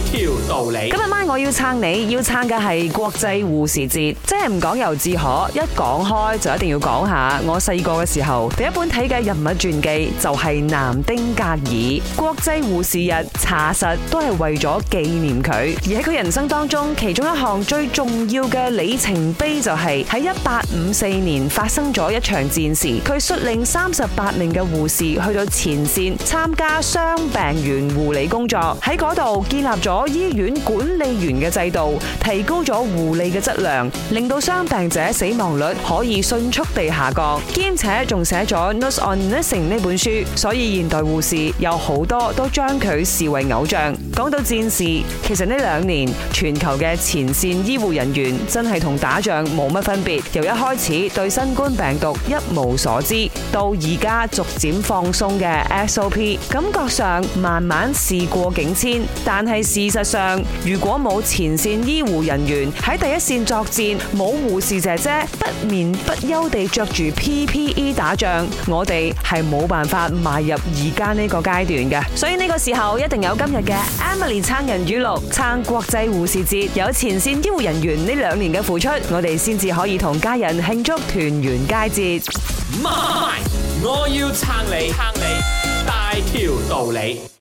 條道理。今日晚上我要撐你，要撐嘅係國際護士節，即係唔講猶自可，一講開就一定要講下。我細個嘅時候第一本睇嘅人物傳記就係南丁格爾。國際護士日查實都係為咗紀念佢。而喺佢人生當中，其中一項最重要嘅里程碑就係喺一八五四年發生咗一場戰事。佢率領三十八名嘅護士去到前線參加傷病員護理工作，喺嗰度建立。咗醫院管理員嘅制度，提高咗護理嘅質量，令到傷病者死亡率可以迅速地下降，兼且仲寫咗《Notes on Nursing》呢本書，所以現代護士有好多都將佢視為偶像。講到戰士，其實呢兩年全球嘅前綫醫護人員真係同打仗冇乜分別，由一開始對新冠病毒一無所知，到而家逐漸放鬆嘅 SOP，感覺上慢慢事過境遷，但係。事實上，如果冇前線醫護人員喺第一線作戰，冇護士姐姐不眠不休地着住 PPE 打仗，我哋係冇辦法邁入而家呢個階段嘅。所以呢個時候一定有今日嘅 Emily 撐人語錄，撐國際護士節，有前線醫護人員呢兩年嘅付出，我哋先至可以同家人慶祝團圓佳節。我要撐你，撐你大條道理。